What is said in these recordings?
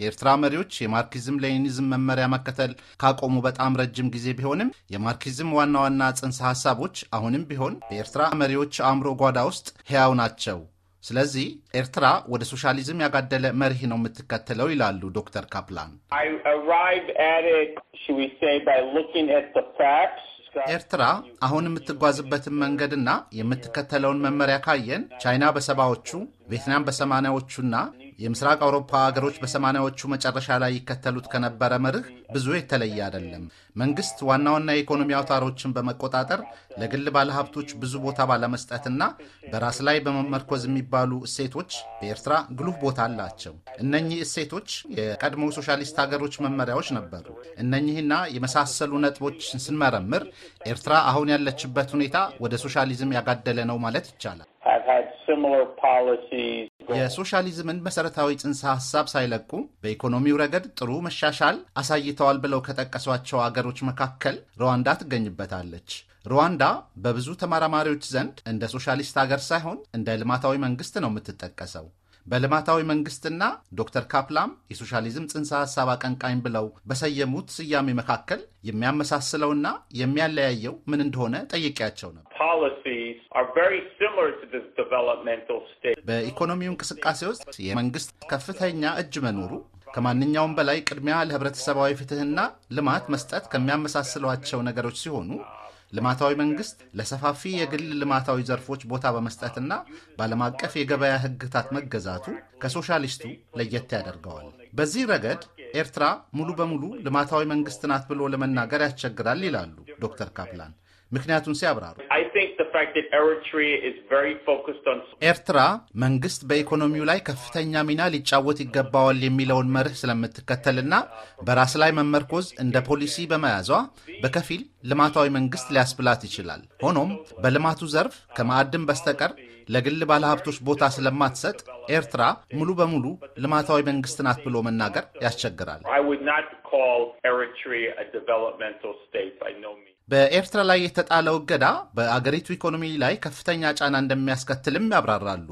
የኤርትራ መሪዎች የማርኪዝም ሌኒኒዝም መመሪያ መከተል ካቆሙ በጣም ረጅም ጊዜ ቢሆንም የማርኪዝም ዋና ዋና ጽንሰ ሀሳቦች አሁንም ቢሆን በኤርትራ መሪዎች አእምሮ ጓዳ ውስጥ ሕያው ናቸው። ስለዚህ ኤርትራ ወደ ሶሻሊዝም ያጋደለ መርህ ነው የምትከተለው ይላሉ ዶክተር ካፕላን። ኤርትራ አሁን የምትጓዝበትን መንገድና የምትከተለውን መመሪያ ካየን ቻይና በሰባዎቹ ቬትናም በሰማኒያዎቹና የምስራቅ አውሮፓ ሀገሮች በሰማኒያዎቹ መጨረሻ ላይ ይከተሉት ከነበረ መርህ ብዙ የተለየ አይደለም። መንግስት ዋና ዋና የኢኮኖሚ አውታሮችን በመቆጣጠር ለግል ባለሀብቶች ብዙ ቦታ ባለመስጠትና በራስ ላይ በመመርኮዝ የሚባሉ እሴቶች በኤርትራ ግሉፍ ቦታ አላቸው። እነኚህ እሴቶች የቀድሞ ሶሻሊስት ሀገሮች መመሪያዎች ነበሩ። እነኚህና የመሳሰሉ ነጥቦች ስንመረምር ኤርትራ አሁን ያለችበት ሁኔታ ወደ ሶሻሊዝም ያጋደለ ነው ማለት ይቻላል። የሶሻሊዝምን መሰረታዊ ጽንሰ ሀሳብ ሳይለቁ በኢኮኖሚው ረገድ ጥሩ መሻሻል አሳይተዋል ብለው ከጠቀሷቸው አገሮች መካከል ሩዋንዳ ትገኝበታለች። ሩዋንዳ በብዙ ተመራማሪዎች ዘንድ እንደ ሶሻሊስት ሀገር ሳይሆን እንደ ልማታዊ መንግስት ነው የምትጠቀሰው። በልማታዊ መንግስትና ዶክተር ካፕላም የሶሻሊዝም ጽንሰ ሀሳብ አቀንቃኝ ብለው በሰየሙት ስያሜ መካከል የሚያመሳስለውና የሚያለያየው ምን እንደሆነ ጠይቄያቸው ነበር። በኢኮኖሚው እንቅስቃሴ ውስጥ የመንግስት ከፍተኛ እጅ መኖሩ ከማንኛውም በላይ ቅድሚያ ለህብረተሰባዊ ፍትህና ልማት መስጠት ከሚያመሳስሏቸው ነገሮች ሲሆኑ ልማታዊ መንግስት ለሰፋፊ የግል ልማታዊ ዘርፎች ቦታ በመስጠትና በዓለም አቀፍ የገበያ ህግታት መገዛቱ ከሶሻሊስቱ ለየት ያደርገዋል። በዚህ ረገድ ኤርትራ ሙሉ በሙሉ ልማታዊ መንግስት ናት ብሎ ለመናገር ያስቸግራል ይላሉ ዶክተር ካፕላን ምክንያቱን ሲያብራሩ ኤርትራ መንግስት በኢኮኖሚው ላይ ከፍተኛ ሚና ሊጫወት ይገባዋል የሚለውን መርህ ስለምትከተልና በራስ ላይ መመርኮዝ እንደ ፖሊሲ በመያዟ በከፊል ልማታዊ መንግስት ሊያስብላት ይችላል። ሆኖም በልማቱ ዘርፍ ከማዕድን በስተቀር ለግል ባለሀብቶች ቦታ ስለማትሰጥ ኤርትራ ሙሉ በሙሉ ልማታዊ መንግስት ናት ብሎ መናገር ያስቸግራል። በኤርትራ ላይ የተጣለው እገዳ በአገሪቱ ኢኮኖሚ ላይ ከፍተኛ ጫና እንደሚያስከትልም ያብራራሉ።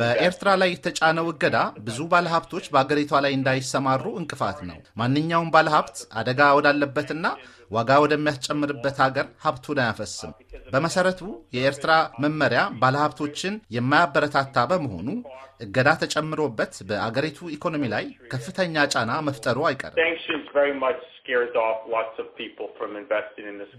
በኤርትራ ላይ የተጫነው እገዳ ብዙ ባለሀብቶች በአገሪቷ ላይ እንዳይሰማሩ እንቅፋት ነው። ማንኛውም ባለሀብት አደጋ ወዳለበትና ዋጋ ወደሚያስጨምርበት ሀገር ሀብቱን አያፈስም። በመሰረቱ የኤርትራ መመሪያ ባለሀብቶችን የማያበረታታ በመሆኑ እገዳ ተጨምሮበት በአገሪቱ ኢኮኖሚ ላይ ከፍተኛ ጫና መፍጠሩ አይቀርም።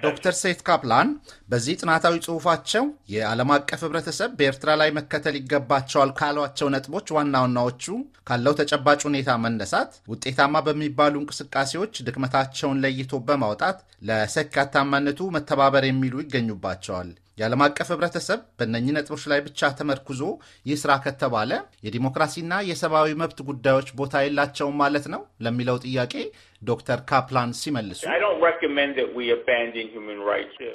ዶክተር ሴት ካፕላን በዚህ ጥናታዊ ጽሑፋቸው የዓለም አቀፍ ህብረተሰብ በኤርትራ ላይ መከተል ይገባቸዋል ተነስተዋል ካሏቸው ነጥቦች ዋና ዋናዎቹ ካለው ተጨባጭ ሁኔታ መነሳት፣ ውጤታማ በሚባሉ እንቅስቃሴዎች ድክመታቸውን ለይቶ በማውጣት ለስኬታማነቱ መተባበር የሚሉ ይገኙባቸዋል። የዓለም አቀፍ ህብረተሰብ በእነኚህ ነጥቦች ላይ ብቻ ተመርኩዞ ይህ ስራ ከተባለ የዲሞክራሲና የሰብአዊ መብት ጉዳዮች ቦታ የላቸውም ማለት ነው ለሚለው ጥያቄ ዶክተር ካፕላን ሲመልሱ፣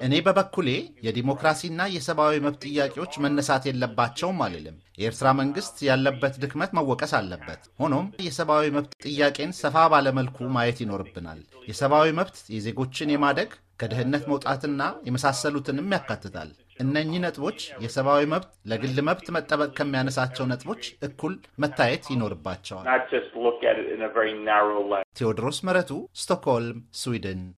እኔ በበኩሌ የዲሞክራሲና የሰብአዊ መብት ጥያቄዎች መነሳት የለባቸውም አልልም። የኤርትራ መንግስት ያለበት ድክመት መወቀስ አለበት። ሆኖም የሰብአዊ መብት ጥያቄን ሰፋ ባለመልኩ ማየት ይኖርብናል። የሰብአዊ መብት የዜጎችን የማደግ ከድህነት መውጣትና የመሳሰሉትንም ያካትታል። እነኚህ ነጥቦች የሰብአዊ መብት ለግል መብት መጠበቅ ከሚያነሳቸው ነጥቦች እኩል መታየት ይኖርባቸዋል። ቴዎድሮስ መረቱ፣ ስቶክሆልም፣ ስዊድን